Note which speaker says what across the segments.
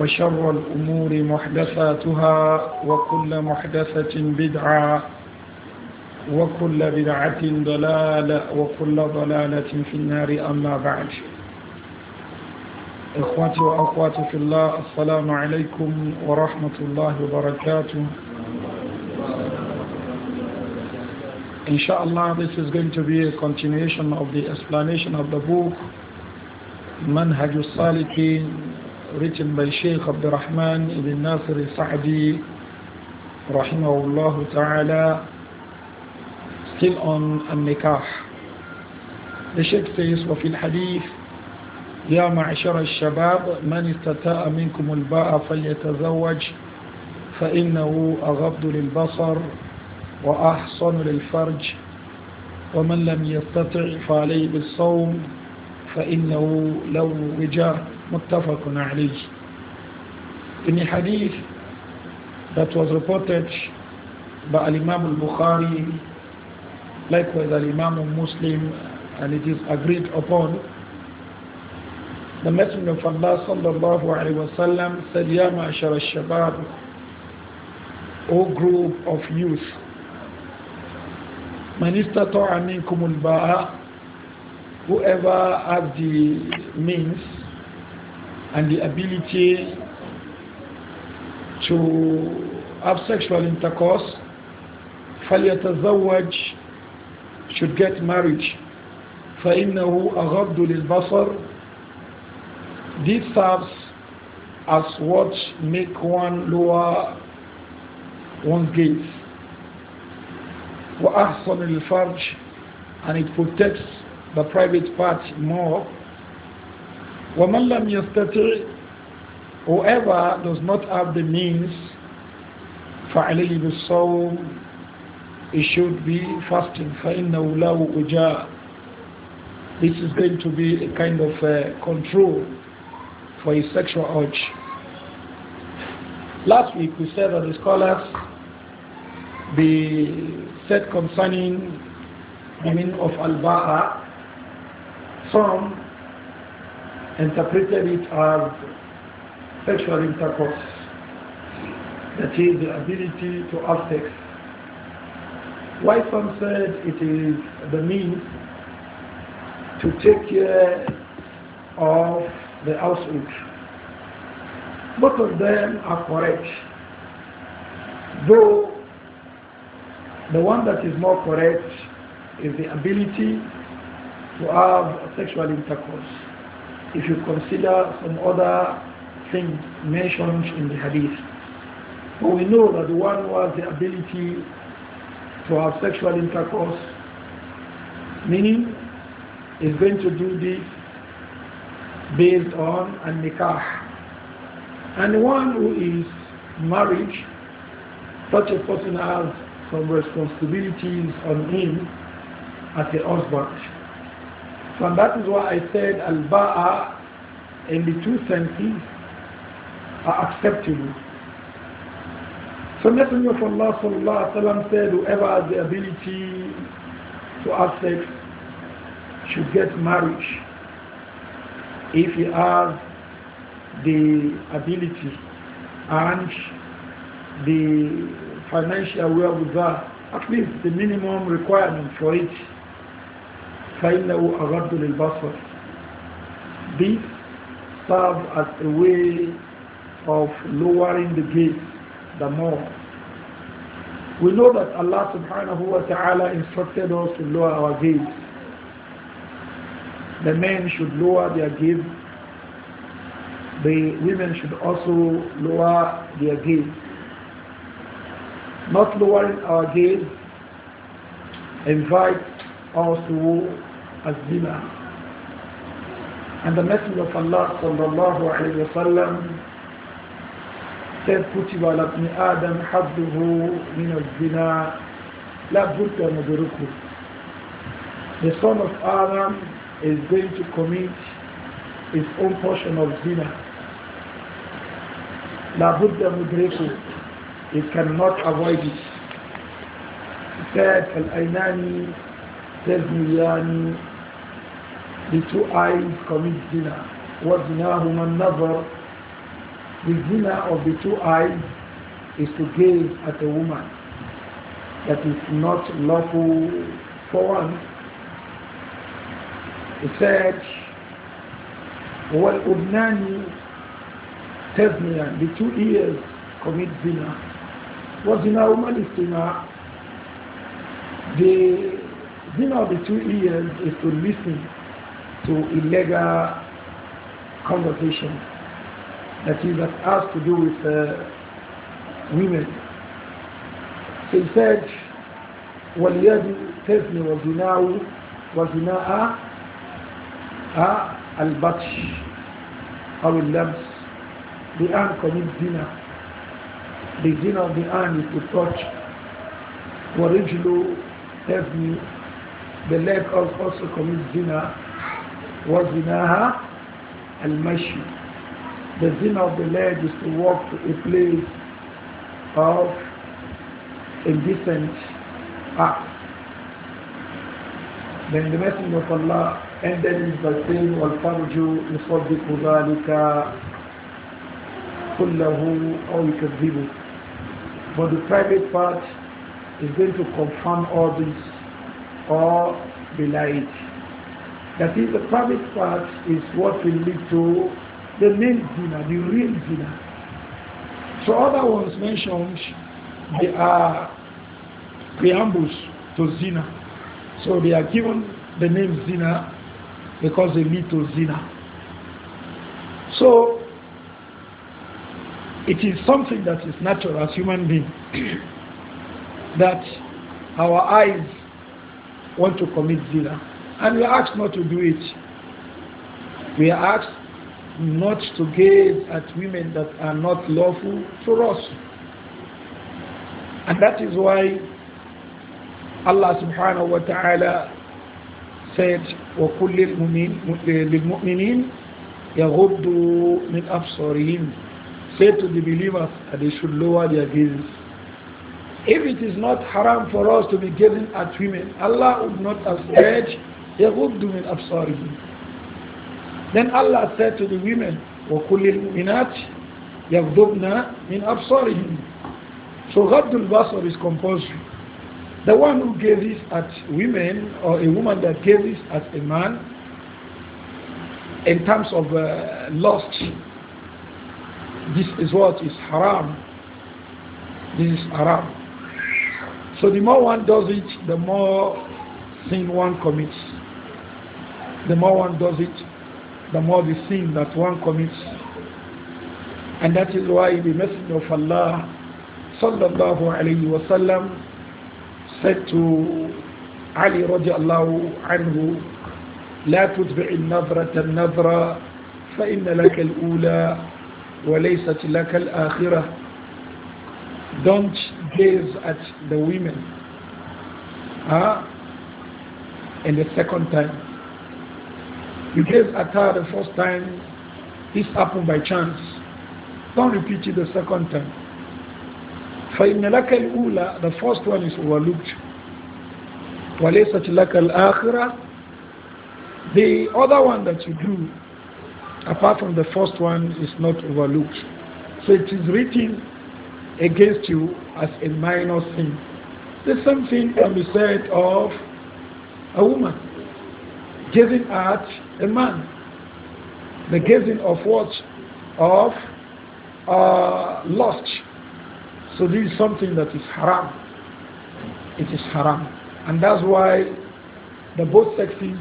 Speaker 1: وشر الأمور محدثاتها وكل محدثة بدعة وكل بدعة ضلالة وكل ضلالة في النار أما بعد إخواتي وأخواتي في الله السلام عليكم ورحمة الله وبركاته Inshallah, this is going to be a continuation of the explanation of the book Manhaj al-Salikin written by Sheikh Abdurrahman ibn Nasir al-Sa'di rahimahullah ta'ala still on النكاح the Sheikh says وفي الحديث يا معشر الشباب من استطاع منكم الباء فليتزوج فإنه أغض للبصر وأحصن للفرج ومن لم يستطع فعليه بالصوم فإنه لون وجاه متفق عليه in hadith that was reported by Imam al-Bukhari likewise Imam Muslim and it is agreed upon the Messenger of Allah sallallahu alaihi wasallam said ya ma'ashara shabab O group of youth man istata'a minkum al-ba'a whoever has the means and the ability to have sexual intercourse, فليتزوج should get married. فإنه أغض للبصر This serves as what make one lower one's gaze. وأحسن الفرج and it protects the private part more وَمَنْ لَمْ يَسْتَطِعْ Whoever does not have the means, فَعَلَيْهِ بِالصَّوْمِ he should be fasting. فَإِنَّهُ لَهُ وِجَاء This is going to be a kind of a uh, control for his sexual urge. Last week we said that the scholars the said concerning the meaning of al-ba'a, some interpreted it as sexual intercourse. That is the ability to have sex. Why some said it is the means to take care of the household. Both of them are correct. Though the one that is more correct is the ability to have sexual intercourse if you consider some other things mentioned in the hadith. But we know that the one who has the ability to have sexual intercourse, meaning is going to do this based on a nikah. And the one who is married, such a person has some responsibilities on him as a husband. So that is why I said al-ba'a in the two senses are acceptable. So Messenger of Allah sallallahu alaihi wasallam said, whoever has the ability to have sex should get marriage if he has the ability and the financial wherewithal, at least the minimum requirement for it. فإنه أرد للبصر This serves as a way of lowering the gaze, the more. We know that Allah subhanahu wa ta'ala instructed us to lower our gaze. The men should lower their gaze. The women should also lower their gaze. Not lowering our gaze invites us to as And the Messenger of Allah sallallahu alayhi wa sallam said, كتب على Adam آدم حده من الزنا لا بد مدركه. The son of Adam is going to commit his own portion of zina. لا بد مدركه. It cannot avoid it. Said He said, الأينان تزنيان the two eyes commit zina. What zina human never? The zina of the two eyes is to gaze at a woman that is not lawful for one. He said, وَالْأُبْنَانِ تَزْنِيًا The two ears commit zina. What zina woman is zina? The zina of the two ears is to listen to illegal conversation that is that has to do with uh, women. So he said, واليد تزني وزناه وزناء البطش أو اللمس The arm commits zina. The zina of the arm is to touch. ورجل تزني The leg also commits zina. وَزِنَاهَا الْمَشْيِ The zina of the leg is to walk to a place of indecent acts. Then the Messenger of Allah ended by saying, وَالْفَرْجُ يُصَدِّقُ ذَلِكَ كُلَّهُ أَوْ يُكَذِّبُهُ But the private part is going to confirm all this or belie it. That is, the private part is what will lead to the main zina, the real zina. So other ones mentioned, they are preambles to zina. So they are given the name zina because they lead to zina. So it is something that is natural as human being. that our eyes want to commit zina and we are asked not to do it. We are asked not to gaze at women that are not lawful for us. And that is why Allah subhanahu wa ta'ala said, وَقُلْ ya يَغُضُّوا مِنْ أَبْصَارِهِمْ Say to the believers that they should lower their gaze. If it is not haram for us to be gazing at women, Allah would not have said, يغض من أبصارهم Then Allah said to the women وكل المؤمنات يغضبن من أبصارهم So غض البصر is compulsory The one who gave this at women or a woman that gave this at a man in terms of uh, lust this is what is haram this is haram so the more one does it the more sin one commits the more one does it, the more the sin that one commits. And that is why the Messenger of Allah sallallahu alayhi wa sallam said to Ali radiallahu anhu, لا تتبع النظرة النظرة فإن لك الأولى وليست لك الآخرة Don't gaze at the women huh? in the second time you gave Atar the first time. This happened by chance. Don't repeat it the second time. فإن لك الأولى the first one is overlooked وليست لك الآخرة the other one that you do apart from the first one is not overlooked so it is written against you as a minor sin the same thing can be said of a woman giving art a man. The gazing of what? Of uh, lust. So this is something that is haram. It is haram. And that's why the both sexes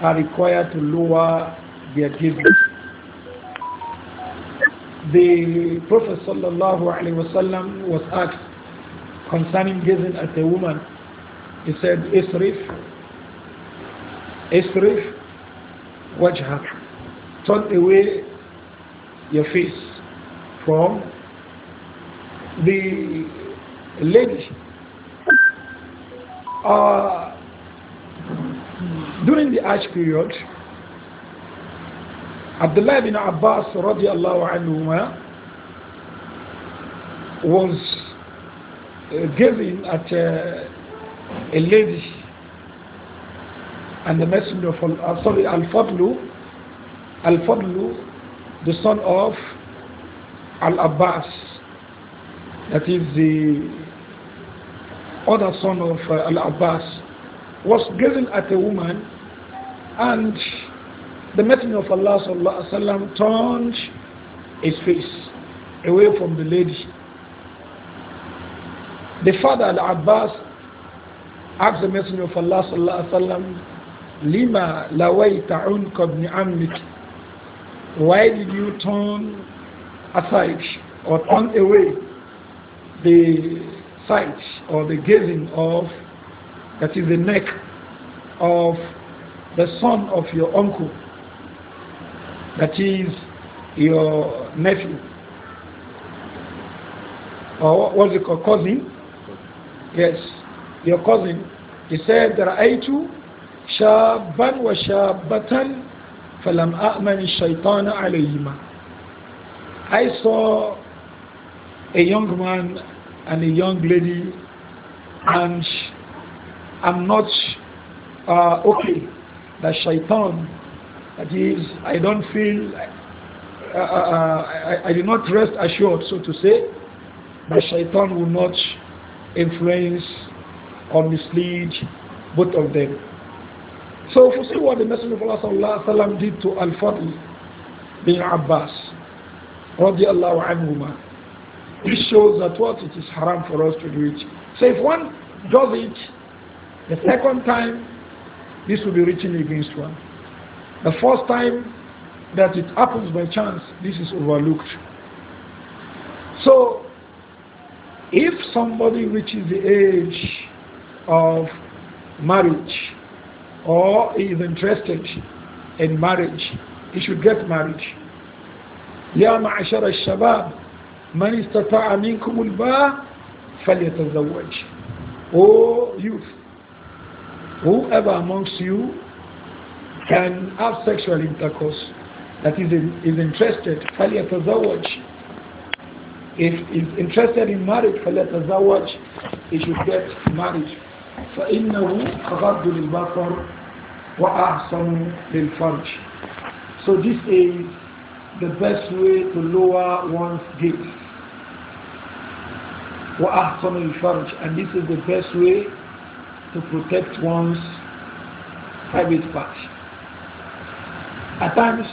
Speaker 1: are required to lower their gazing. The Prophet ﷺ was asked concerning gazing at a woman. He said, Isrif, Isrif happened? Turn away your face from the lady. Uh, during the age period, Abdullah bin Abbas radiallahu anhu was uh, gazing at uh, a lady and the messenger of Allah, uh, sorry, Al-Fadlu, Al-Fadlu, the son of Al-Abbas, that is the other son of uh, Al-Abbas, was gazing at a woman and the messenger of Allah sallallahu turned his face away from the lady. The father Al-Abbas asked the messenger of Allah sallallahu Lima lawaita unka ibn ammik. Why did you turn aside or turn away the sight or the gazing of, that is the neck of the son of your uncle, that is your nephew, or what's it called, cousin? Yes, your cousin. He said, too. شابا وشابة فلم أأمن الشيطان عليهما I saw a young man and a young lady and I'm not uh, okay that shaitan that is I don't feel uh, uh, uh I, I do not rest assured so to say that shaitan will not influence or mislead both of them so if we see what the Messenger of Allah did to Al-Fadl bin Abbas, radiallahu this shows that what it is haram for us to do it. So if one does it, the second time, this will be reaching against one. The first time that it happens by chance, this is overlooked. So, if somebody reaches the age of marriage, or he is interested in marriage, he should get married. يا معشر الشباب من استطاع منكم الباء فليتزوج. Oh youth, whoever amongst you can have sexual intercourse that is, in, is interested, فليتزوج. If is interested in marriage, فليتزوج, he should get married. فإنه أغض للبصر وأحسن للفرج So this is the best way to lower one's guilt. وأحسن الفرج And this is the best way to protect one's private part. At times,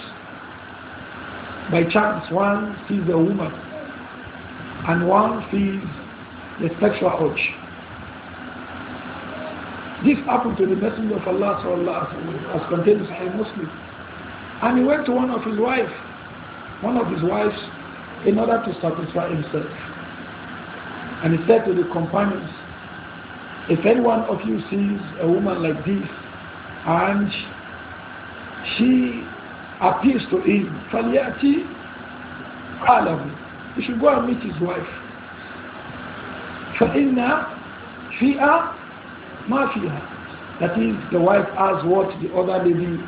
Speaker 1: by chance, one sees a woman and one sees the sexual urge. This happened to the Messenger of Allah sallallahu as contained in Sahih Muslim. And he went to one of his wives, one of his wives, in order to satisfy himself. And he said to the companions, if any one of you sees a woman like this, and she appeals to him, Faliati Alam, he should go and meet his wife. فإن فيها Mafia. That is, the wife asked what the other lady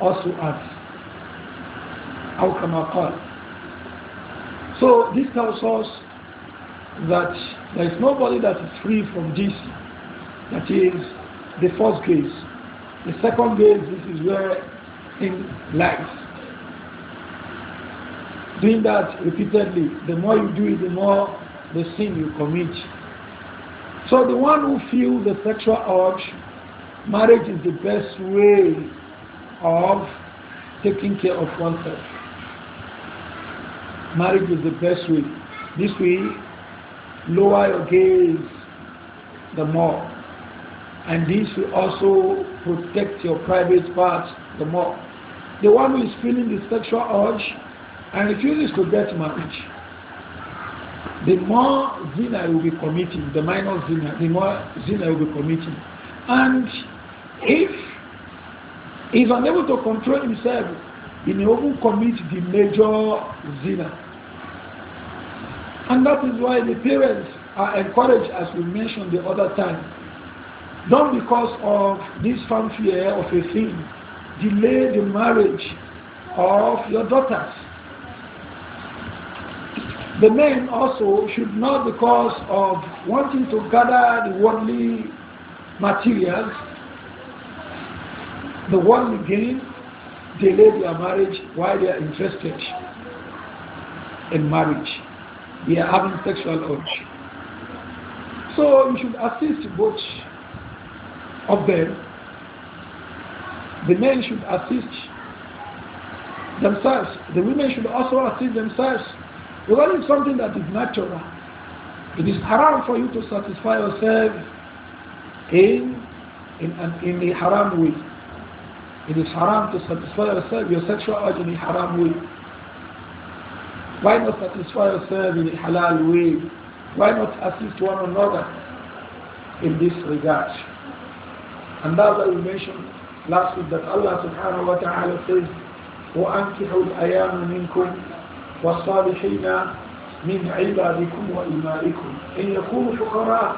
Speaker 1: also asked. How come I call? So this tells us that there is nobody that is free from this. That is the first case. The second case, this is where in lies doing that repeatedly, the more you do it, the more the sin you commit. So the one who feels the sexual urge, marriage is the best way of taking care of oneself. Marriage is the best way. This way, lower your gaze the more. And this will also protect your private parts the more. The one who is feeling the sexual urge and refuses to get married the more zina I will be committing, the minor zina. the more zina I will be committing. And if he's unable to control himself, he may even commit the major zina. And that is why the parents are encouraged, as we mentioned the other time, not because of this fanfare of a thing, delay the marriage of your daughters the men also should not, because of wanting to gather the worldly materials, the worldly gain, delay their marriage while they are interested in marriage. They are having sexual urge. So you should assist both of them. The men should assist themselves. The women should also assist themselves because something that is natural. It is haram for you to satisfy yourself in, in, in a haram way. It is haram to satisfy yourself, your sexual urge in a haram way. Why not satisfy yourself in a halal way? Why not assist one another in this regard? And that's why we mentioned last week that Allah subhanahu wa ta'ala says, وَأَنْكِحُوا الْأَيَامُ مِنْكُمْ والصالحين من عبادكم وإمائكم إن يكونوا فقراء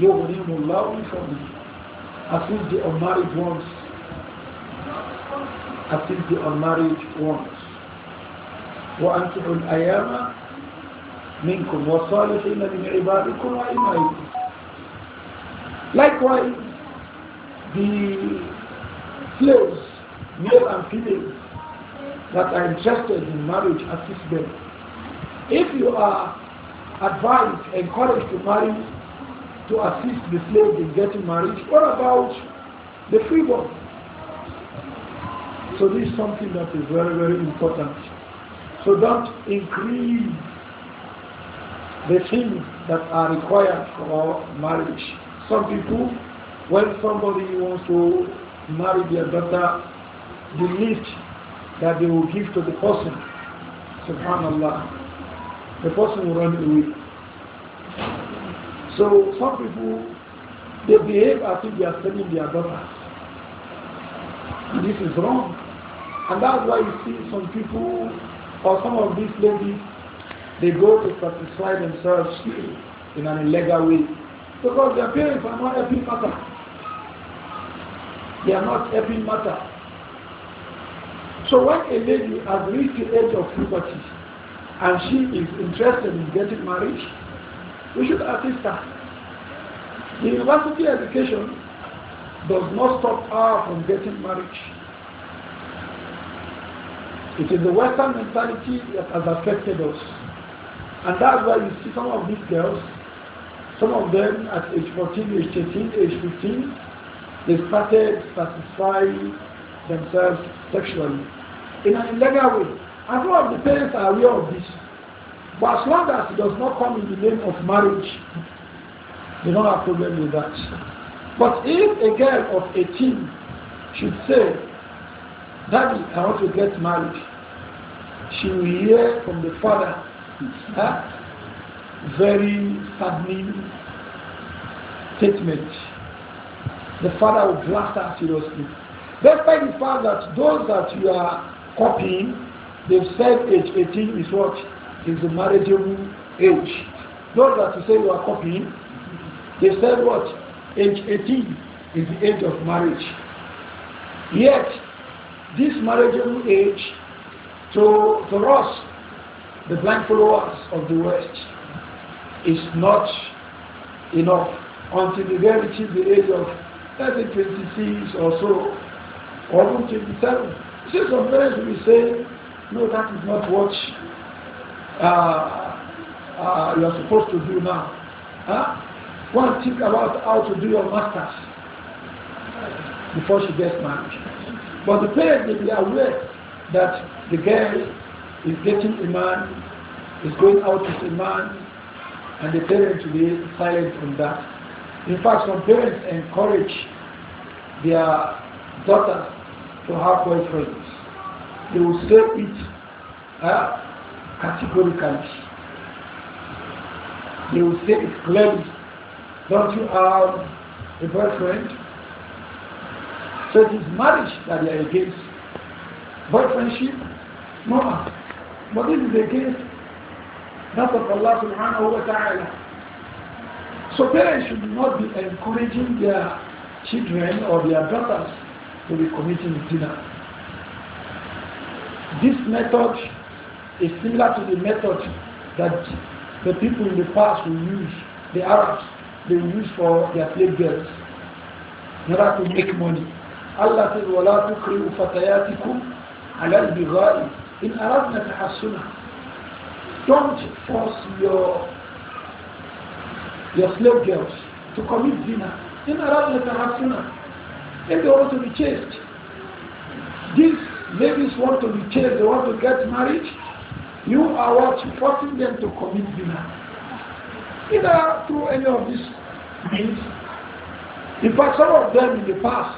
Speaker 1: يغنيهم الله من فضله أقول the unmarried ones أقول the unmarried ones وأنكحوا الأيام منكم والصالحين من عبادكم وإمائكم Likewise, the slaves, male and female, that are interested in marriage, assist them. If you are advised, encouraged to marry, to assist the slave in getting married, what about the freeborn? So this is something that is very, very important. So don't increase the things that are required for our marriage. Some people, when somebody wants to marry their daughter, the list that they will give to the person. Subhanallah. The person will run away. So some people, they behave as if they are selling their daughters. And this is wrong. And that's why you see some people, or some of these ladies, they go to satisfy themselves in an illegal way. Because their parents are not helping matter. They are not helping matter. So when a lady has reached the age of puberty and she is interested in getting married, we should assist her. The university education does not stop her from getting married. It is the Western mentality that has affected us. And that's why you see some of these girls, some of them at age 14, age 18, age 15, they started satisfying themselves sexually in an illegal way. And all of the parents are aware of this. But as long as it does not come in the name of marriage, they don't have problem with that. But if a girl of 18 should say, Daddy, I want to get married, she will hear from the father that very saddening statement. The father will blast her seriously. Despite the fact that those that you are copying, they've said age 18 is what is the marriageable age. Those that you say you are copying, they said what? Age 18 is the age of marriage. Yet, this marriageable age to, for us, the blind followers of the West, is not enough until they reach the age of 30, 26 or so or even till You see, some parents will be saying, no, that is not what uh, uh, you are supposed to do now. Huh? One, think about how to do your masters before she gets married. But the parents may be aware that the girl is getting a man, is going out with a man, and the parents will be silent on that. In fact, some parents encourage their daughters to have boyfriends. They will say it uh, categorically. They will say it clearly. Don't you have a boyfriend? So it is marriage that they are against. Boyfriendship? No. But this is against that of Allah subhanahu wa ta'ala. So parents should not be encouraging their children or their daughters to be committing zina. This method is similar to the method that the people in the past will use, the Arabs, they will use for their slave girls in order to make money. Allah says, وَلَا تُكْرِئُ فَتَيَاتِكُمْ عَلَى الْبِغَاءِ إِنْ أَرَدْنَا تَحَسُّنًا Don't force your your slave girls to commit zina. in أَرَدْنَا they want to be chased, these ladies want to be chased, they want to get married, you are what forcing them to commit dinner. Either through any of these means. In fact, some of them in the past,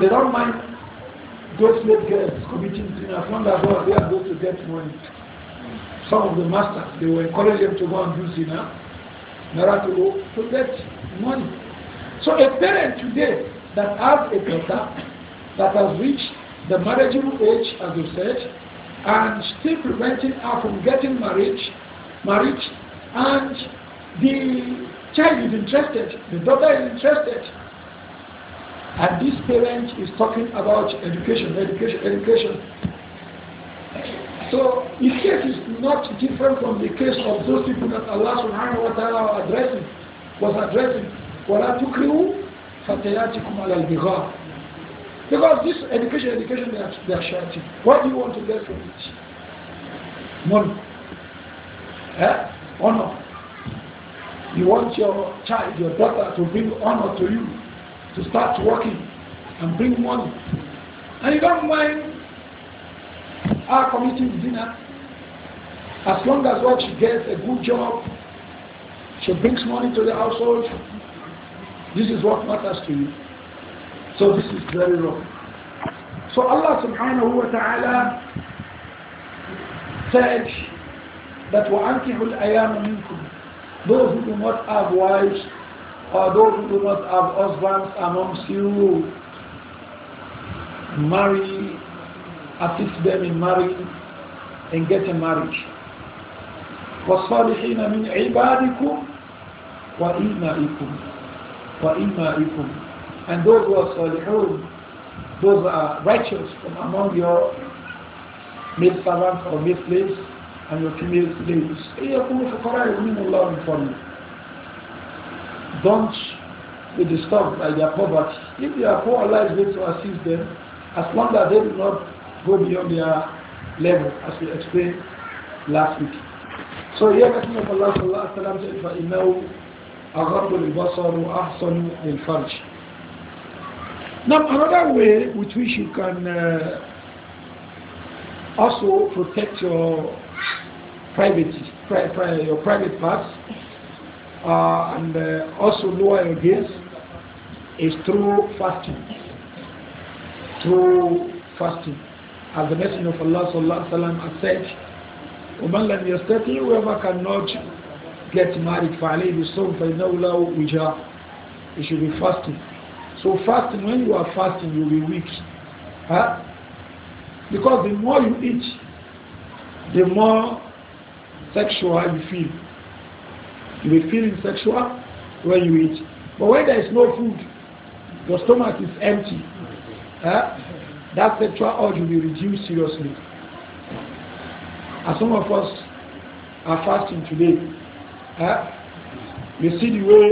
Speaker 1: they don't mind those late girls committing dinner as long as they are going to get money. Some of the masters, they will encourage them to go and do dinner in order to, to get money. So a parent today that has a daughter that has reached the marriageable age, as you said, and still preventing her from getting married, marriage, and the child is interested, the daughter is interested. And this parent is talking about education, education, education. So his case is not different from the case of those people that Allah subhanahu wa ta'ala was addressing, was addressing. وَلَا تُكْرِهُ فتياتكم على البغاء because this education education they are, they are shouting what do you want to get from it money eh? honor you want your child your daughter to bring honor to you to start working and bring money and you don't mind our committee dinner as long as what she gets a good job she brings money to the household this is what matters to you. So this is very wrong. So Allah subhanahu wa ta'ala said that وَأَنْكِحُ الْأَيَامَ مِنْكُمْ Those who do not have wives or those who do not have husbands amongst you, marry, assist them in marrying and getting married. وَالصَّالِحِينَ مِنْ عِبَادِكُمْ وَإِيمَائِكُمْ وَإِمَّائِكُمْ And those who are salihun, those are righteous from among your male servants or male slaves and your female slaves. فَضْلِ Don't be disturbed by their poverty. If they are poor, Allah is going to assist them as long as they do not go beyond their level, as we explained last week. So here, Messenger of Allah sallallahu alaihi wasallam said, أغض البصر وأحسن للفرج Now another way with which you can uh, also protect your privacy, pri pri your private parts uh, and uh, also lower your gaze is through fasting. Through fasting. As the Messenger of Allah sallallahu alaihi wasallam has said, وَمَنْ لَمْ يَسْتَطِعْ Whoever cannot Get married, فَعَلَيْهِ بِالصَّوْمِ by لَهُ وِجَاء You should be fasting. So fasting, when you are fasting, you'll be weak. Huh? Because the more you eat, the more sexual you feel. You will feel sexual when you eat. But when there is no food, your stomach is empty. Huh? That sexual urge will be reduced seriously. As some of us are fasting today, Huh? You see the way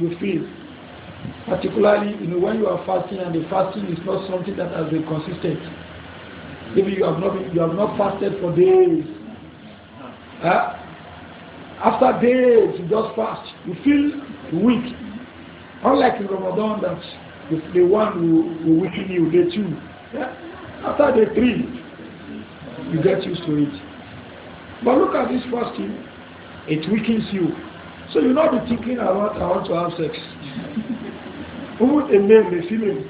Speaker 1: you feel. Particularly, you know, when you are fasting and the fasting is not something that has been consistent. Maybe you have not been, you have not fasted for days. Huh? After days, you just fast. You feel weak. Unlike in Ramadan that the, one who, will weaken you, day two. Yeah? After day three, you get used to it. But look at this fasting. It weakens you. So you'll not be thinking about I want to have sex. Who a male be feeling?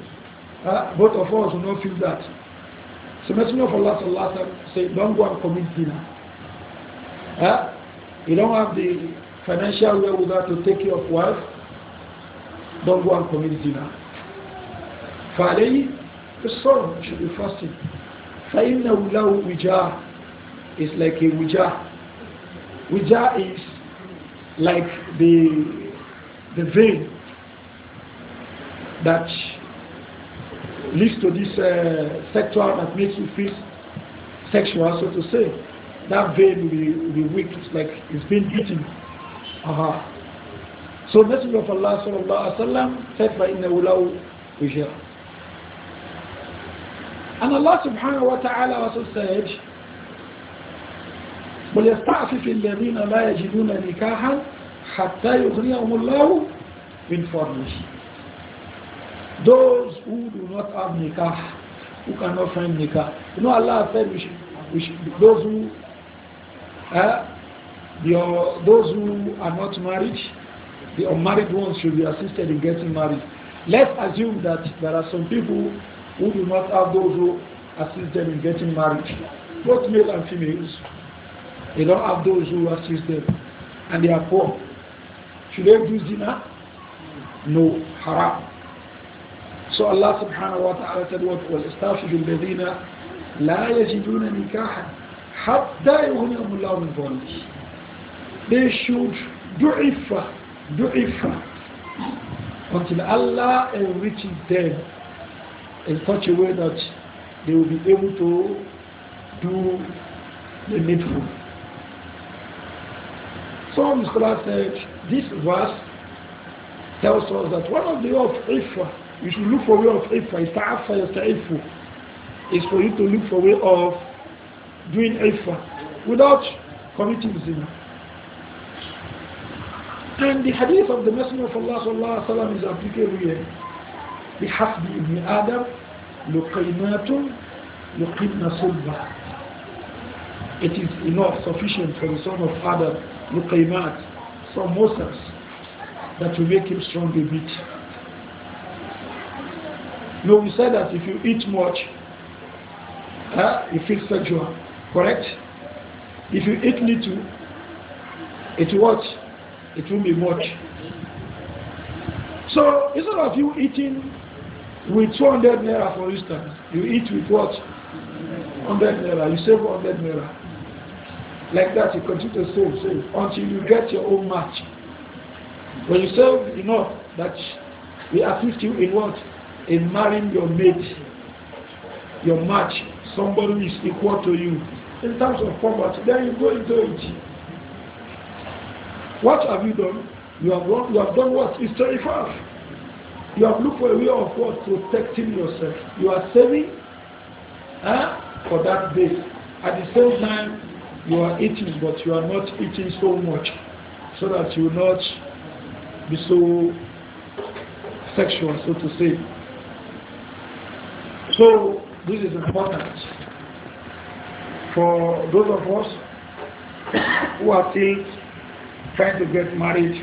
Speaker 1: uh, both of us will not feel that. So Messenger of Allah Sallallahu said, don't go and commit dinner. Huh? You don't have the financial without to take care of wife, don't go and commit dinner. the soul should be fasting فإنه له وجاه is like a wujah. Wija is like the the veil that leads to this uh, sexual that makes you feel sexual, so to say. That veil will be, will be weak. It's like it's been beaten. Uh -huh. So Messenger of Allah sallallahu alaihi wasallam said, فَإِنَّهُ لَوْ And Allah subhanahu wa ta'ala also said, وليستعفف الذين لا يجدون نكاحا حتى يغنيهم الله من فضله those who do not have nikah who cannot find nikah you know Allah said we should, we should those who uh, those who are not married the unmarried ones should be assisted in getting married let's assume that there are some people who do not have those who assist them in getting married both male and females they don't have those who assist them. And they are poor. Should they do zina? No. Haram. So Allah subhanahu wa ta'ala said what was established in Medina, لا يجدون نكاحا حتى يغنيهم الله من فضله. They should do ifra, do
Speaker 2: ifra,
Speaker 1: until Allah enriches them in such a way that they will be able to do the needful. Some scholars said this verse tells us that one of the way of ifa, you should look for way of ifa, is is for you to look for way of doing ifa without committing zina. And the hadith of the Messenger of Allah sallallahu alaihi wasallam is applicable here. بحسب ابن آدم لقيمات لقمنا صلبة It is enough, sufficient for the son of Adam muqaymat, some Moses that will make him strong a bit. no, we said that if you eat much, uh, you feel sexual, correct? If you eat little, it will what? It will be much. So instead of you eating with 200 naira, for instance, you eat with what? 100 naira, you save 100 naira. Like that, you continue to save, save, until you get your own match. When you save enough that we assist you in what? In marrying your mate, your match, somebody is equal to you. In terms of poverty, then you go into it. What have you done? You have, done, you have done terrifying. You have looked for a way of what? Protecting yourself. You are saving huh, for that day. At the same time, you are eating, but you are not eating so much so that you will not be so sexual, so to say. So this is important for those of us who are still trying to get married.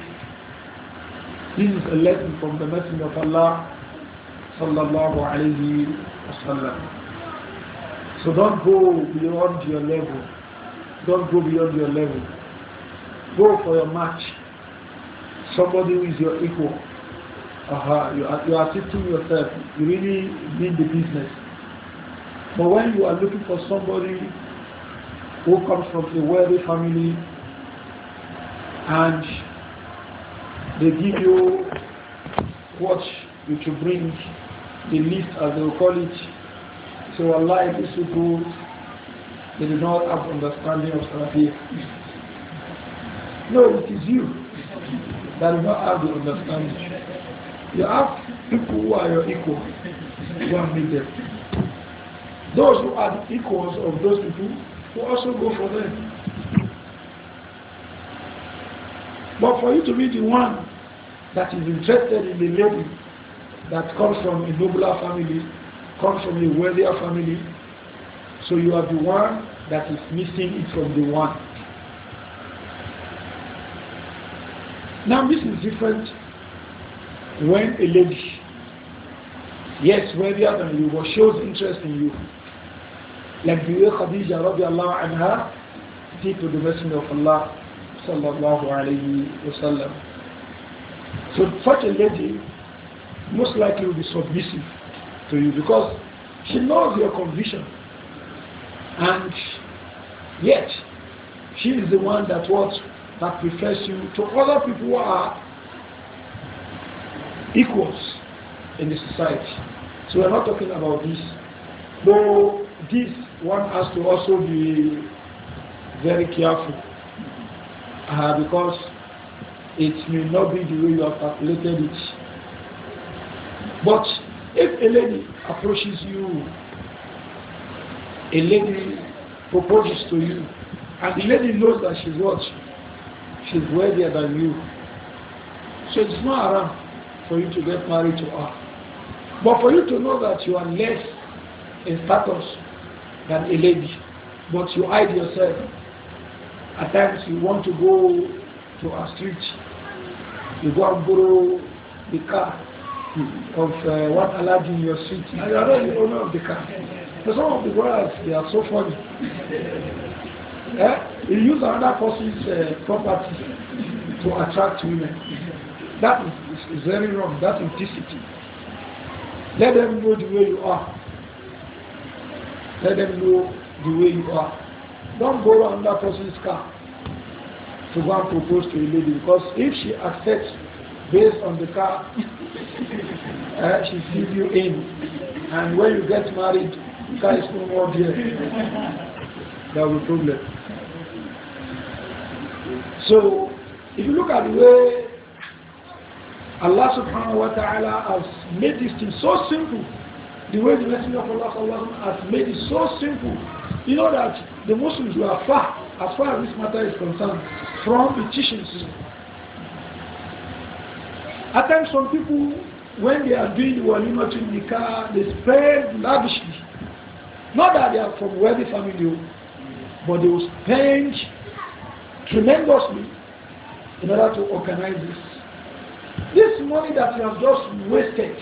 Speaker 1: This is a lesson from the Messenger of Allah sallallahu alayhi wasallam. So don't go beyond your level. Don't go beyond your level. Go for your match. Somebody who is your equal. Uh -huh. you, are, you are yourself. You really mean the business. But when you are looking for somebody who comes from a wealthy family and they give you what you should bring, the list as they will call it. So Allah, this will they do not have understanding of Salafiyah. No, it is you that do not have the understanding. You have people who are your equal. You do meet them. Those who are the equals of those people will also go for them. But for you to be the one that is interested in the lady that comes from a nobler family, comes from a wealthier family, so you are the one that is missing it from the one. Now this is different when a lady, yes, wealthier than you, but shows interest in you. Like the way Khadija radiallahu anha did to the Messenger of Allah sallallahu alayhi wasallam. So such a lady most likely will be submissive to you because she knows your condition. And yet, she is the one that what that prefers you to other people who are equals in the society. So we're not talking about this. Though this one has to also be very careful uh, because it may not be the way you have calculated it. But if a lady approaches you a lady proposes to you, and the lady knows that she's what? She's wealthier than you. So it's not around for you to get married to her. But for you to know that you are less in status than a lady, but you hide yourself. At times you want to go to a street, you go and borrow the car of uh, what allowed in your street. I don't know the car some of the brothers, they are so funny. yeah? They use another person's uh, property to attract women. That is, is, is very wrong. That's implicity. Let them know the way you are. Let them know the way you are. Don't go around that person's car to go and propose to a lady because if she accepts based on the car, uh, she sees you in. And when you get married, Car no more there. That will be problem. So, if you look at the way Allah subhanahu wa ta'ala has made this thing so simple, the way the Messenger of Allah subhanahu has made it so simple, you know that the Muslims were far, as far as this matter is concerned, from efficiency. At times some people, when they are doing the walima to nikah, they spend lavishly. Not that they are from wealthy family, oh, but they will spend tremendously in order to organize this. This money that you have just wasted,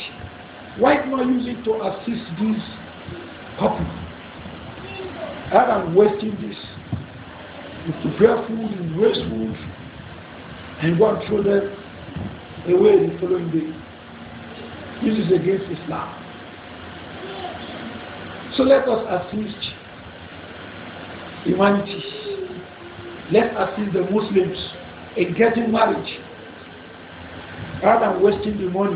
Speaker 1: why not use it to assist this couple? Rather than wasting this, you prepare food, you waste food, and go and throw them away the following day. This is against Islam. So let us assist humanity. Let's assist the Muslims in getting married rather than wasting the money.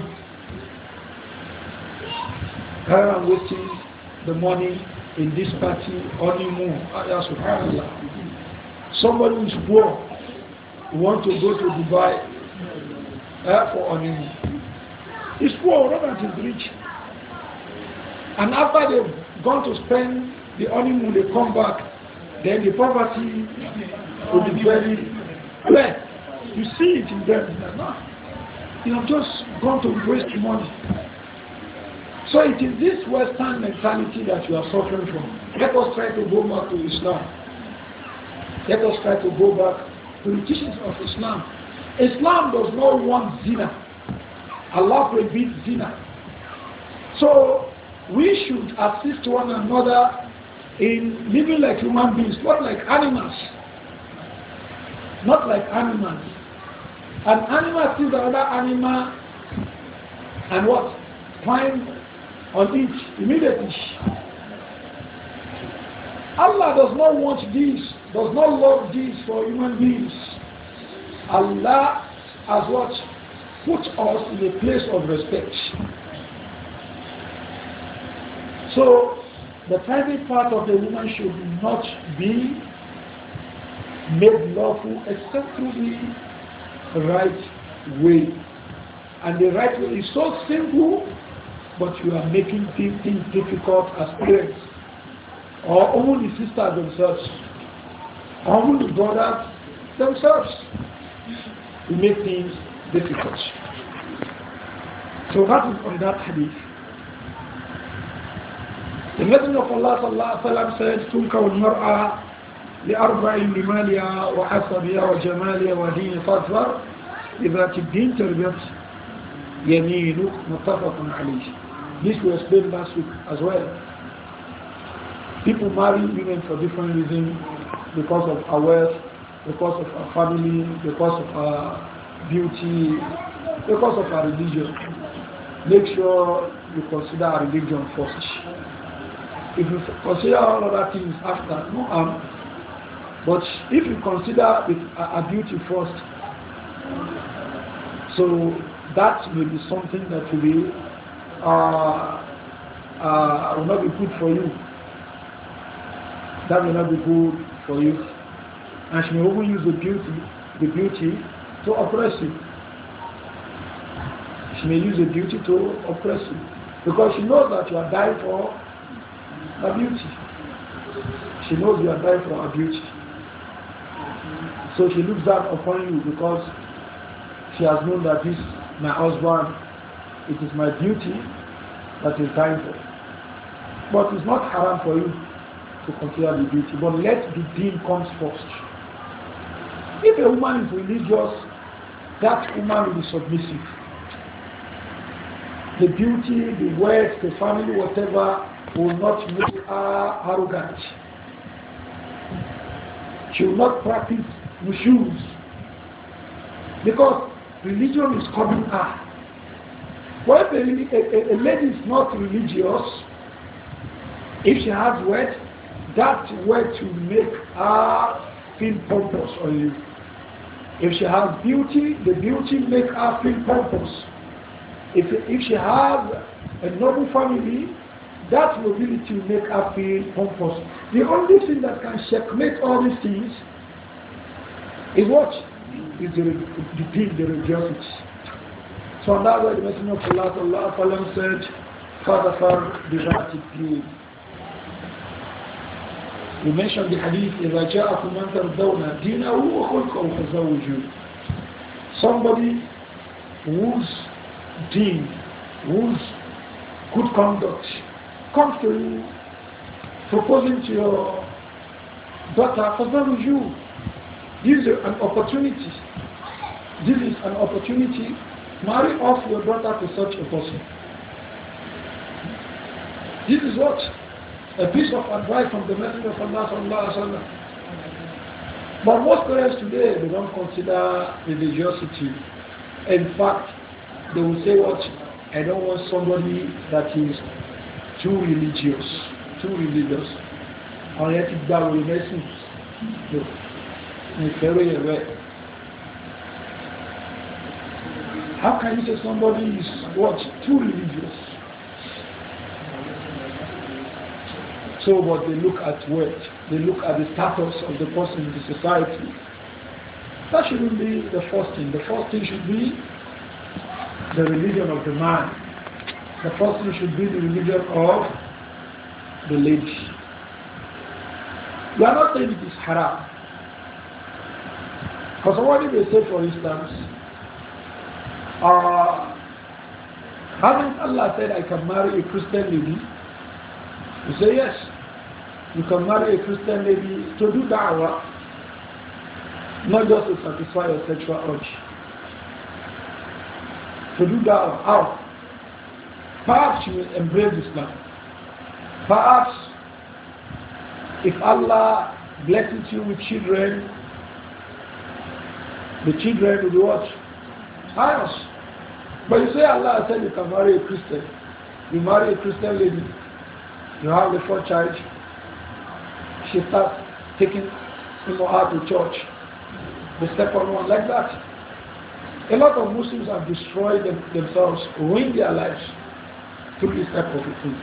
Speaker 1: Rather than wasting the money in this party, only. More, ah, subhanAllah. Somebody who is poor, who to go to Dubai uh, for honeymoon. He's poor rather than rich. And after they've gone to spend the honeymoon, they come back, then the poverty will be very clear. You see it in them. You have just gone to waste money. So it is this Western mentality that you are suffering from. Let us try to go back to Islam. Let us try to go back to the teachings of Islam. Islam does not want zina. Allah forbids zina. So we should assist one another in living like human beings, not like animals. Not like animals. An animal sees another animal and what? Climb on it immediately. Allah does not want this, does not love this for human beings. Allah has what? Put us in a place of respect. So the private part of the woman should not be made lawful except through the right way. And the right way is so simple, but you are making things difficult as parents, or only sisters themselves, or only brothers themselves. We make things difficult. So that is on that hadith. The Messenger of Allah sallallahu alaihi wasallam said, لأربع لمالها وحسبها وجمالها ودين فاظفر إذا الدين تربيت يمينك متفق عليه." This was explained last week as well. People marry women for different reasons, because of our wealth, because of our family, because of our beauty, because of our religion. Make sure you consider our religion first if you consider all other things after, no harm. But if you consider it a, a beauty first, so that may be something that will be uh, uh, will not be good for you. That will not be good for you. And she may even use the beauty, the beauty to oppress you. She may use the beauty to oppress you. Because she knows that you are dying for her beauty. She knows you are dying for her beauty. So she looks down upon you because she has known that this, my husband, it is my duty that is dying for. But it's not haram for you to consider the beauty. But let the deen comes first. If a woman is religious, that woman will be submissive the beauty, the wealth, the family, whatever, will not make her arrogant. She will not practice mushus. Because religion is coming her. When a, a, a, lady is not religious, if she has wealth, that wealth will make her feel pompous on you. If she has beauty, the beauty make her feel pompous. If, if she has a noble family, that nobility will make her feel comfort. The only thing that can checkmate all these things is what? Is the, the thing, the religiosity. So on that way the Messenger of Allah, Allah said, Father for the We mentioned the hadith, إِذَا جَاءَكُمْ مَنْ تَرْضَوْنَا دِينَهُ وَخُلْقَهُ فَزَوْجُهُ Somebody whose deed, whose good conduct comes to you, proposing to your daughter, for with you, this is an opportunity. This is an opportunity. Marry off your daughter to such a person. This is what? A piece of advice from the Messenger of Allah sallallahu alaihi wasallam. But most parents today, they don't consider religiosity. In fact, they will say what? I don't want somebody that is too religious, too religious. Àwọn let it gba with lò very aware. How can you say somebody is what? Too religious? So but they look at what they look at the status of the person in the society. That shouldn't be the first thing. The first thing should be the religion of the man. The person should be the religion of the lady. We are not saying it is haram. Because somebody may say, for instance, uh, hasn't Allah said I can marry a Christian lady? You say yes. You can marry a Christian lady to do da'wah, not just to satisfy your sexual urge to do that how? Perhaps you will embrace Islam. Perhaps if Allah blesses you with children, the children will be what? Pious. But you say Allah said you can marry a Christian. You marry a Christian lady. You have the fourth child. She starts taking him or her to church. The second one like that. A lot of Muslims have destroyed them, themselves, ruined their lives through this type of thing.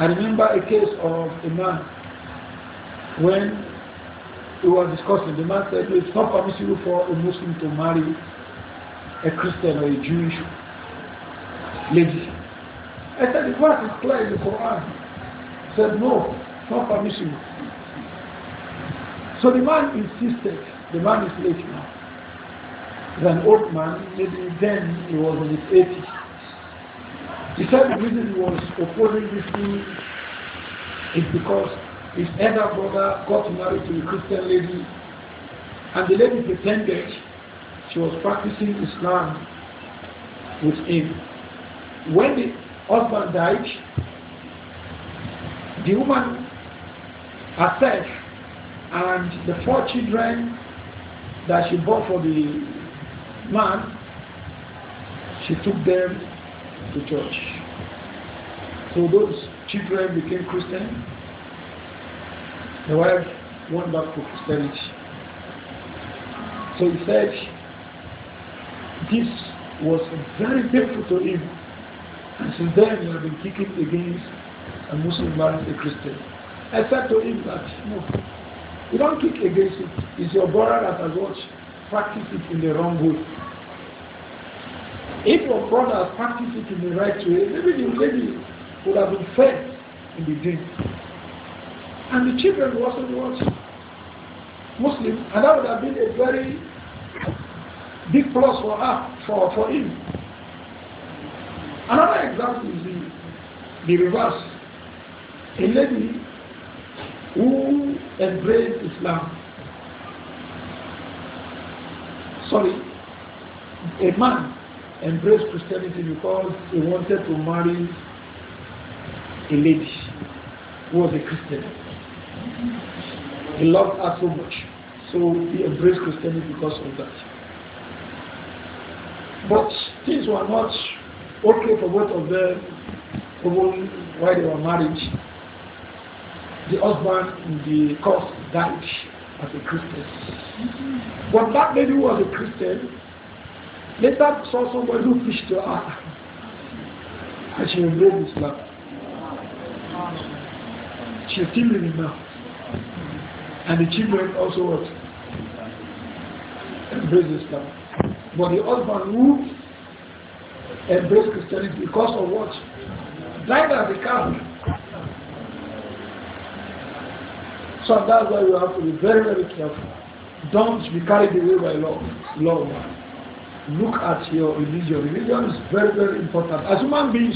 Speaker 1: I remember a case of a man when we were discussing, the man said, it's not permissible for a Muslim to marry a Christian or a Jewish lady. I said, the verse is clear in the Quran. He said, no, it's not permissible. So the man insisted, the man is late now is an old man, maybe then he was in his 80s. He said the reason he was opposing this thing is because his elder brother got married to a Christian lady and the lady pretended she was practicing Islam with him. When the husband died, the woman herself and the four children that she bought for the man, she took them to church. So those children became Christian. The wife went back to Christianity. So he said, this was very painful to him. And since then, he had been kicking against a Muslim man, a Christian. I said to him that, no, you don't kick against it. It's your brother that has watched practice it in the wrong way. If your brother practiced it in the right way, maybe the lady would have been fed in the day. And the children were also what? Muslim. And that would have been a very big plus for her, for, for him. Another example is the, the reverse. A lady who embraced Islam sorry, a man embraced Christianity because he wanted to marry a lady who was a Christian. He loved her so much. So he embraced Christianity because of that. But things were not okay for both of them even while they were married. The husband in the court died as a Christian. But that lady who was a Christian later saw somebody who pushed to her and she embraced Islam. She's still living now. And the children also what? embraced Islam. But the husband who embraced Christianity because of what? Died as a Catholic. So that's why you have to be very, very careful. Don't be carried away by love. love. Look at your religion. Religion is very, very important. As human beings,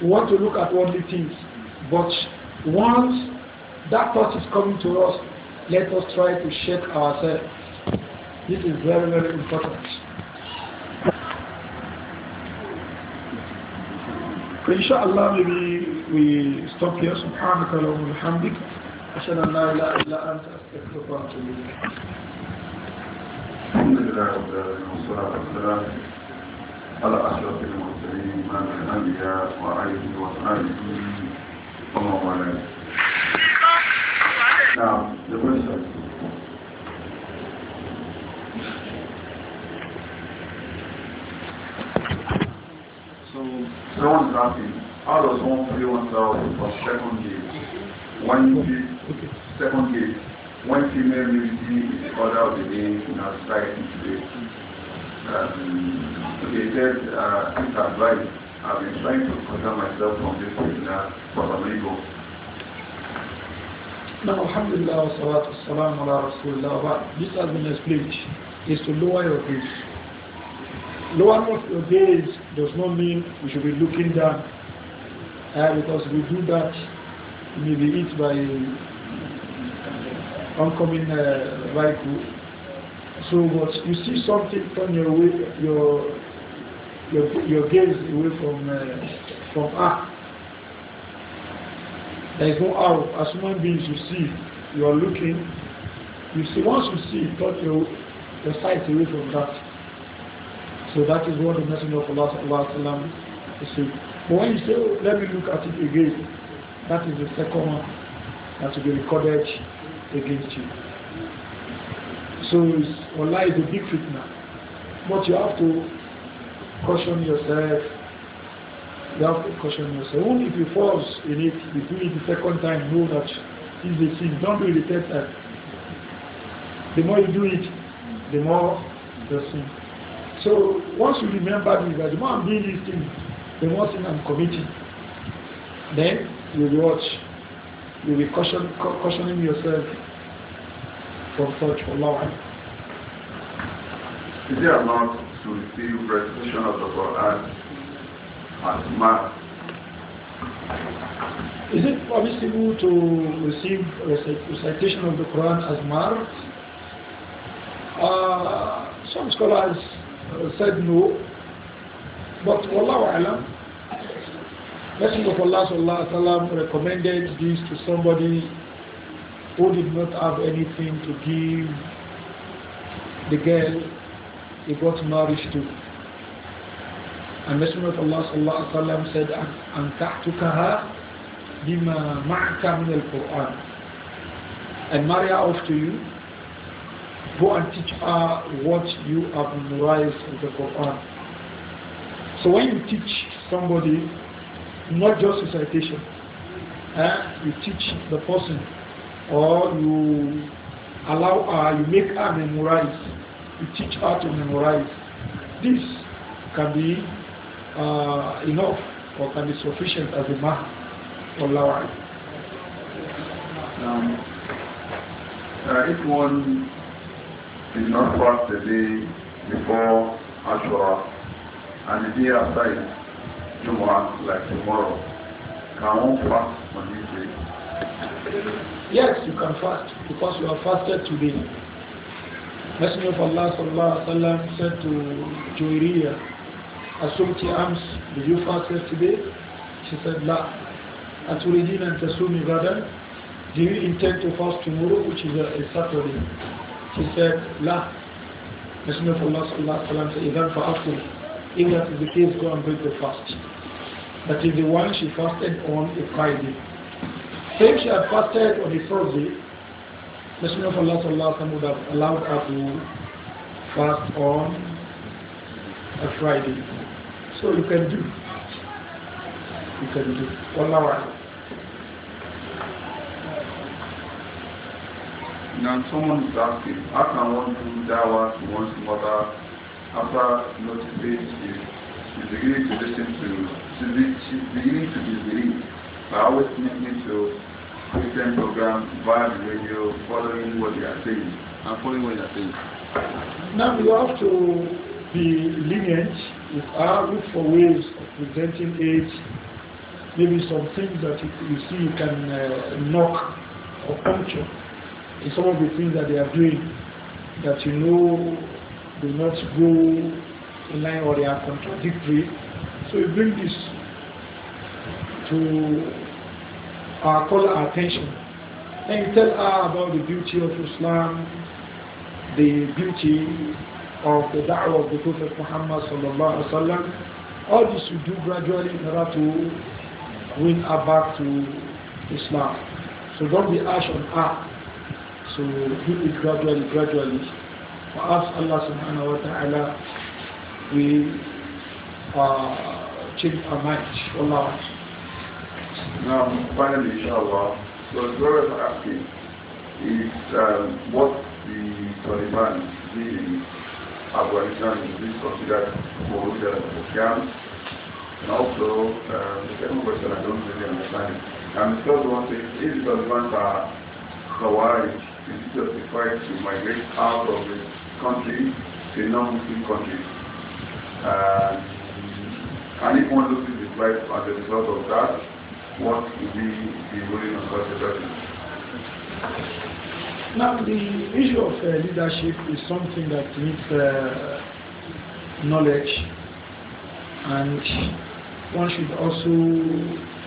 Speaker 1: we want to look at worldly things. But once that thought is coming to us, let us try to shake ourselves. This is very, very important. فإن maybe we stop here سبحانك اللهم
Speaker 2: أشهد أن لا إله إلا أنت أستغفرك وأتوب إليك الحمد لله رب العالمين والصلاة والسلام على أشرف المرسلين من الأنبياء وعليه وصحبه ومن والاه Now, the question. So, someone's asking, how does one feel oneself for second day when Okay. Secondly, one female nudity is the order of the day in our society today. Um, they said, uh, I've been trying to protect myself from this particular i
Speaker 1: Now, alhamdulillah, salatu salam ala rasulullah, but this has been explained, is to lower your gaze. Lowering your gaze does not mean we should be looking down, uh, because if we do that, we may be hit by oncoming uh, vehicle. So, but you see something turn your way, your your your gaze away from uh, from art. There is no out As human beings, you see, you are looking. You see, once you see, turn your your sight away from that. So that is what the message of Allah, Allah is saying. But when you say, oh, let me look at it again, that is the second one that will be recorded against you. So Allah is a big fitna. But you have to caution yourself. You have to caution yourself. Only if you fall in it, if you do it the second time, know that is the sin. Don't do it the third time. The more you do it, the more the sin. So once you remember this, that the more I'm doing these things, the more sin I'm committing, then you will watch you be caution, cautioning yourself from such Allah.
Speaker 2: Is it allowed to receive recitation of the Quran as mass?
Speaker 1: Is it permissible to receive recitation of the Quran as marked? Uh, some scholars uh, said no, but Wallahu Alam, Messenger of Allah sallallahu alaihi wasallam recommended this to somebody who did not have anything to give the girl he got married to. And Messenger of Allah sallallahu alaihi wasallam said, "Ankahtukaha bima ma'aka min al-Qur'an." And marry her off to you. Go and teach her what you have memorized in the Quran. So when you teach somebody not just recitation. Eh? You teach the person or you allow her, you make her memorize, you teach her to memorize. This can be uh, enough or can be sufficient as a mark for Lawan.
Speaker 2: Um, uh, if one did not fast the day before Ashura and the day after Jumu'ah like tomorrow, can one fast on this day?
Speaker 1: Yes, you can fast because you are fasted today. Messenger of Allah sallallahu alaihi wasallam said to Juwairiya, "Asumti ams, did you fast yesterday?" She said, "La." Aturidin and Tasumi brother, do you intend to fast tomorrow, which is a, a Saturday? She said, "La." Messenger of Allah sallallahu alaihi wasallam said, "Idan fa'atul." If that is the case, go and break the fast. That is the one she fasted on a Friday. Same she had fasted on a Thursday, Messenger of Allah sallallahu would have allowed her to fast on a Friday. So you can do.
Speaker 2: You can do. hour. Now someone is asking, how can one do dawah to one's mother after noticing is, is beginning to listen to, she's, be, she's beginning to be believed by always listening to Christian program via the radio, following what they are saying. I'm following what they are saying.
Speaker 1: Now you have to be lenient We are look for ways of presenting it. Maybe some things that you, you see you can uh, knock or puncture in some of the things that they are doing that you know do not go in line or they are contradictory. So we bring this to our call our attention. And you tell her about the beauty of Islam, the beauty of the da'wah of the Prophet Muhammad sallallahu alaihi wasallam. All this we do gradually in order to win her back to Islam. So don't be harsh on her. So do it gradually, gradually. For us, Allah subhanahu wa ta'ala we uh, change our minds. Allah.
Speaker 2: Now, finally, inshallah, so as well as asking, is um, what the Taliban did in Afghanistan is considered for the camp? And also, uh, the second question I don't really understand. And the third one is, if the Taliban are Khawarij, is justified to migrate out of the country to non-Muslim countries. Uh, and if one loses his life as a result of that, what will be the ruling on such a person?
Speaker 1: Now, the issue of uh, leadership is something that needs uh, knowledge, and one should also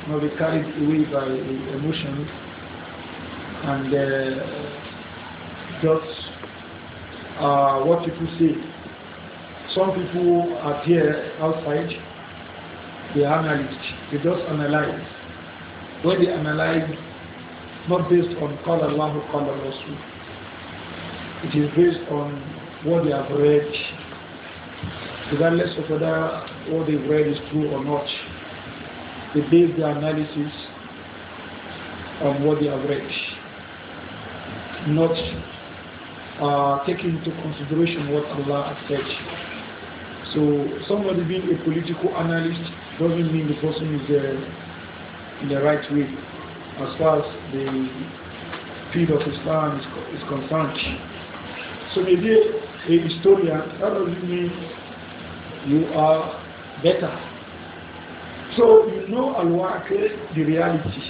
Speaker 1: not be carried away by emotions and uh, just uh, what people say. Some people are here outside, they are analysts, they just analyze. When they analyze, not based on Qala Allah or Qala Rasul, it is based on what they have read, regardless of whether what they've read is true or not. They base their analysis on what they have read, not uh, taking into consideration what Allah has said. So somebody being a political analyst doesn't mean the person is uh, in the right way as far as the field of Islam is, is concerned. So maybe a historian, that doesn't mean you are better. So you know al the reality.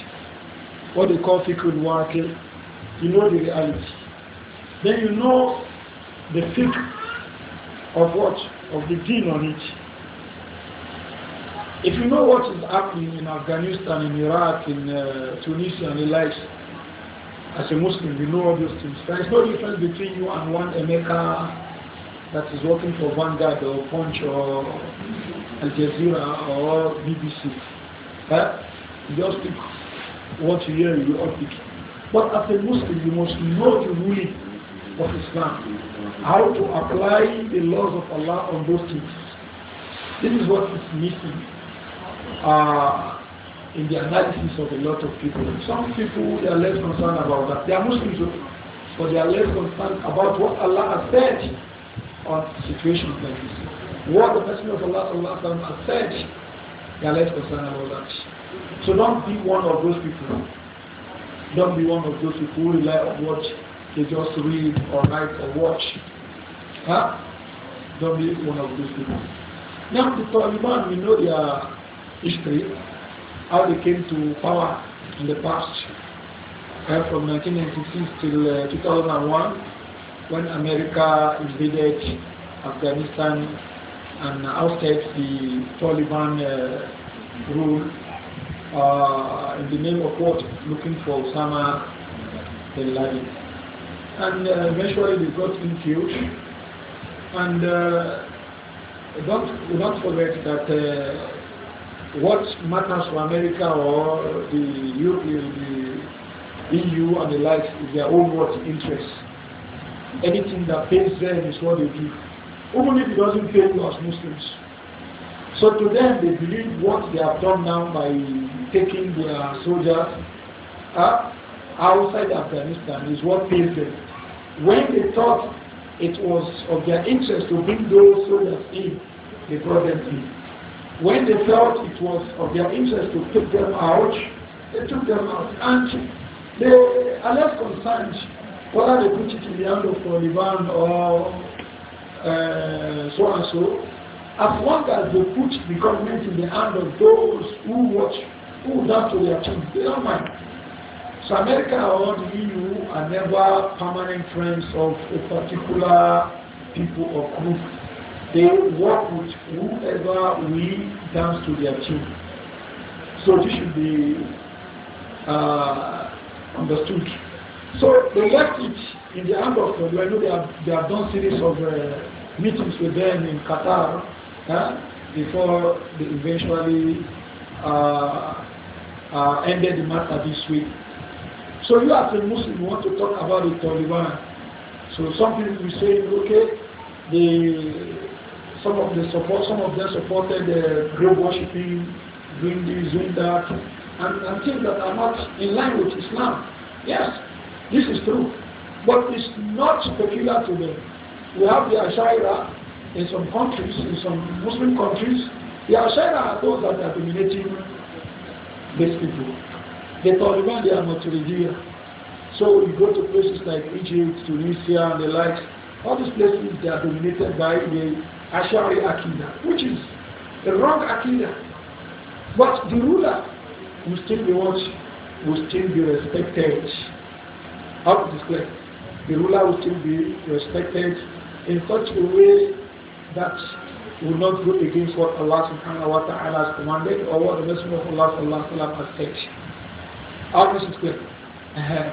Speaker 1: What they call fiqh al you know the reality. Then you know the fiqh of what? Of the din on it. If you know what is happening in Afghanistan, in Iraq, in uh, Tunisia, and the likes, as a Muslim, you know all those things. There is no difference between you and one Emeka that is working for Vanguard or Punch or Al Jazeera or BBC. Eh? You just pick what you hear, you all pick. But as a Muslim, you must know the ruling of Islam. How to apply the laws of Allah on those things. This is what is missing uh, in the analysis of a lot of people. Some people, they are less concerned about that. They are Muslims, but they are less concerned about what Allah has said
Speaker 2: on situations like this.
Speaker 1: What the Messenger of Allah sallam, has said, they are less concerned about that. So don't be one of those people. Don't be one of those people who rely on what they just read or write or watch. Huh? Don't be one of those people. Now the Taliban, we know their history, how they came to power in the past. And uh, from 1996 till uh, 2001, when America invaded Afghanistan and ousted the Taliban uh, rule uh, in the name of what? Looking for Osama bin Laden and uh, eventually they got infused. And uh, don't don't forget that uh, what matters for America or the, EU, the EU and the like is their own what interests. Anything that pays them is what they do, even if it doesn't pay you as Muslims. So to them, they believe what they have done now by taking their soldiers. Uh, outside Afghanistan is what pays them. When they thought it was of their interest to bring those soldiers in, they brought them in. When they felt it was of their interest to take them out, they took them out. And they are less concerned whether they put it in the hand of Taliban or uh, so and so. As long as they put the government in the hand of those who watch, who down to their team, they don't mind. So America or the EU are never permanent friends of a particular people or group. They work with whoever we dance to their tune. So this should be uh, understood. So they left it in the hand of you I know they have, they have done series of uh, meetings with them in Qatar uh, before they eventually uh, uh, ended the matter this week. So you as a Muslim you want to talk about the Taliban. So some people will say, okay, the some of the support, some of them supported the group worshipping, doing this, doing that, and, and things that are not in line with Islam. Yes, this is true, but it's not peculiar to them. We have the Ashaira in some countries, in some Muslim countries. The Ashaira are those that are dominating these people. The Taliban, they are not here. So you go to places like Egypt, Tunisia, and the likes. All these places, they are dominated by the Ashari Akida, which is the wrong Akida. But the ruler will still be watched. Will still be respected. How to display? The ruler will still be respected in such a way that will not go against what Allah subhanahu wa ta'ala has commanded or what the Messenger of Allah sallallahu has said. How is it clear? Uh -huh.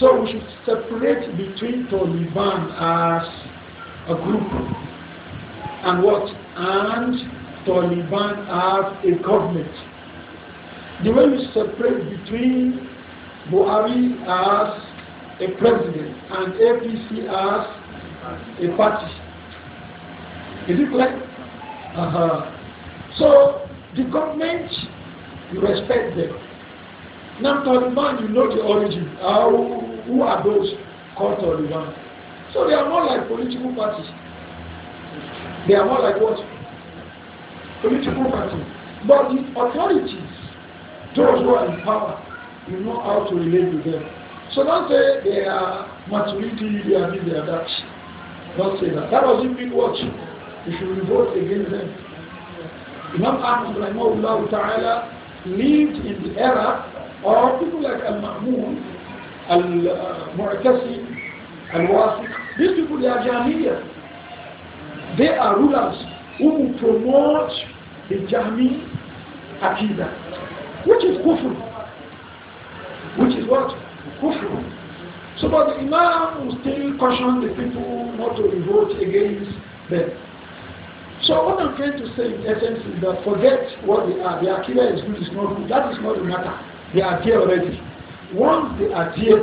Speaker 1: So we should separate between Taliban as a group and what? And Taliban as a government. The way you separate between Buhari as a president and APC as a party. Is it clear? Uh -huh. So the government, you respect them. Now Taliban, you know the origin. who are those called Taliban? So they are more like political parties. They are more like what? Political parties. But the authorities, those who are in power, you know how to relate to them. So don't say they are maturity, they are not they are Don't say that. That doesn't mean what? You should revolt against them. Imam Ahmad Rahimahullah Ta'ala lived in the era or people like al Mahmoud, Al-Mu'tasi, Al-Wasi, these people, they are Jahmiyyah. They are rulers who promote the Jahmi Akida, which is kufr. Which is what? Kufr. So, but the Imam will still caution the people not to revolt against them. So what I'm trying to say in essence is that forget what they are. The Akira is good, it's not good. That is not the matter. They are here already. Once they are here,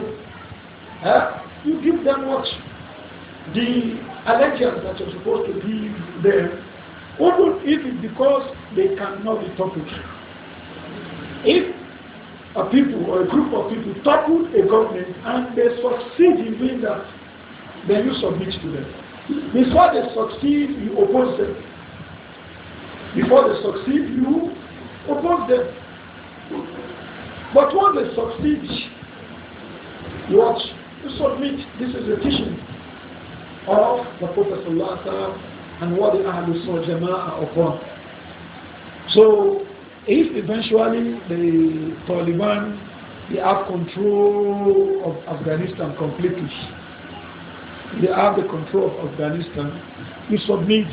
Speaker 1: eh, you give them what? The allegiance that you're supposed to give them, even if it's because they cannot be toppled. If a people or a group of people topple a government and they succeed in doing that, then you submit to them. Before they succeed, you oppose them. Before they succeed, you oppose them. But once they succeed, you watch, you submit. This is the teaching of the Prophet and what the Ahlul Sunnah are upon. So, if eventually the Taliban they have control of Afghanistan completely, they have the control of Afghanistan, you submit.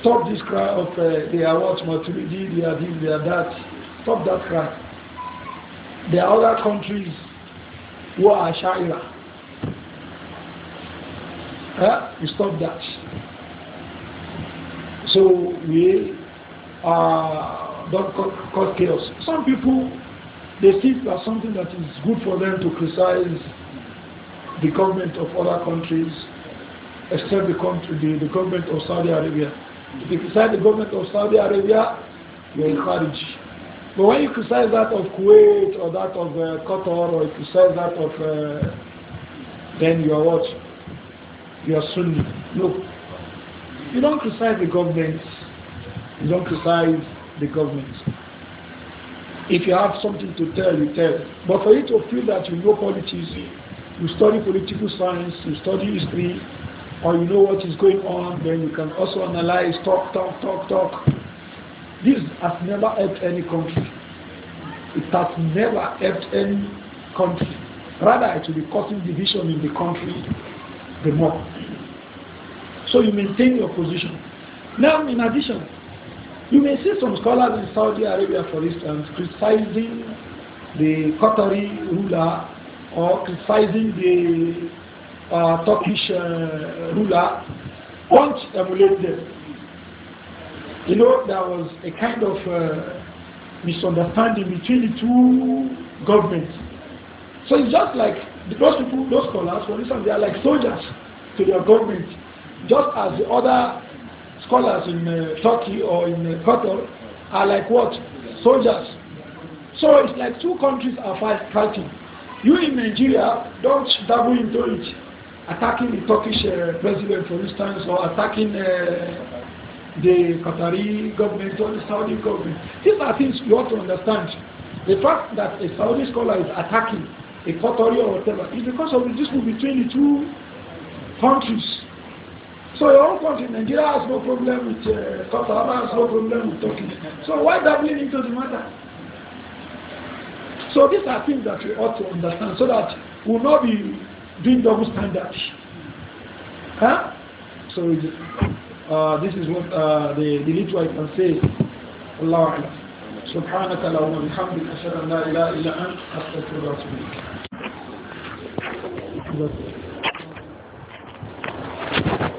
Speaker 1: Stop this cry of uh, they are what Maturidi, they are this, they are that. Stop that cry. There are other countries who are Shaira. Huh? We stop that. So we uh, don't cause chaos. Some people, they think that something that is good for them to criticize the government of other countries, except the, country, the, the government of Saudi Arabia. If you criticize the government of Saudi Arabia, you encourage but when you criticize that of Kuwait or that of uh, Qatar or you criticize that of, uh, then you are what? You are Sunni. Look, you don't criticize the government. You don't criticize the government. If you have something to tell, you tell. But for you to feel that you know politics, you study political science, you study history, or you know what is going on, then you can also analyze, talk, talk, talk, talk. This has never helped any country. It has never helped any country. Rather, it will be causing division in the country the more. So you maintain your position. Now, in addition, you may see some scholars in Saudi Arabia, for instance, criticizing the Qatari ruler or criticizing the uh, Turkish uh, ruler, won't emulate them. You know, there was a kind of uh, misunderstanding between the two governments. So it's just like those people, those scholars, for instance, they are like soldiers to their government, just as the other scholars in uh, Turkey or in uh, Qatar are like what? Soldiers. So it's like two countries are fighting. You in Nigeria, don't double into it, attacking the Turkish uh, president, for instance, or attacking uh, the Qatari government or the Saudi government. These are things you ought to understand. The fact that a Saudi scholar is attacking a Qatari or whatever is because of the dispute between the two countries. So your own country, Nigeria has no problem with uh, Qatar, has no problem with Turkey. So why doubling into the matter? So these are things that we ought to understand so that we will not be doing double standards. Huh? So uh, this is what uh, the, the little I can say Allah Alam سبحانك اللهم وبحمدك أشهد أن لا إله إلا أنت أستغفرك وأتوب إليك